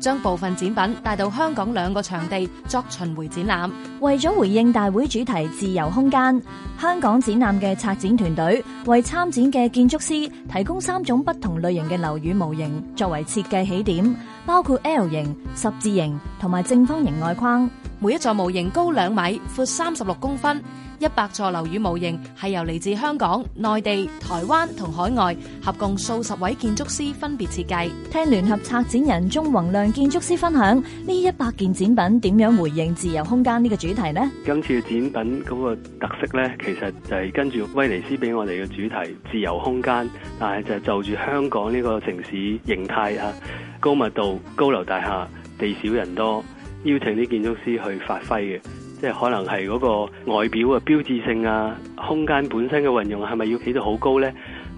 將部分展品帶到香港兩個場地作巡回展覽，為咗回應大會主題自由空間，香港展覽嘅策展團隊為參展嘅建築師提供三種不同類型嘅樓宇模型作為設計起點，包括 L 型、十字型同埋正方形外框。每一座模型高兩米，闊三十六公分。一百座樓宇模型係由嚟自香港、內地、台灣同海外合共數十位建築師分別設計。聽聯合策展人鍾宏亮。建築師分享呢一百件展品點樣回應自由空間呢個主題呢？今次嘅展品嗰個特色呢，其實就係跟住威尼斯俾我哋嘅主題自由空間，但、啊、係就係、就住香港呢個城市形態啊，高密度高樓大廈、地少人多，邀請啲建築師去發揮嘅，即係可能係嗰個外表嘅標誌性啊、空間本身嘅運用，係咪要起到好高呢？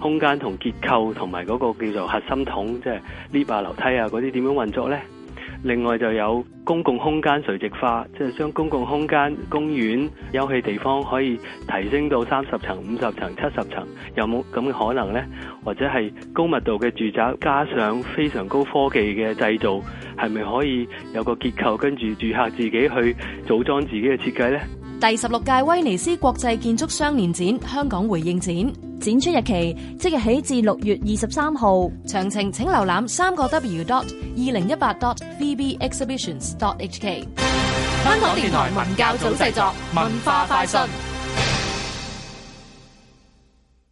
空間同結構同埋嗰個叫做核心筒，即係 lift 啊、樓梯啊嗰啲點樣運作呢？另外就有公共空間垂直化，即係將公共空間、公園、休憩地方可以提升到三十層、五十層、七十層，有冇咁嘅可能呢？或者係高密度嘅住宅加上非常高科技嘅製造，係咪可以有個結構跟住住客自己去組裝自己嘅設計呢？第十六屆威尼斯國際建築雙年展香港回應展，展出日期即日起至六月二十三號。詳情請瀏覽三個 w dot 二零一八 dot vb exhibitions dot hk。香港電台文教組製作，文化快訊。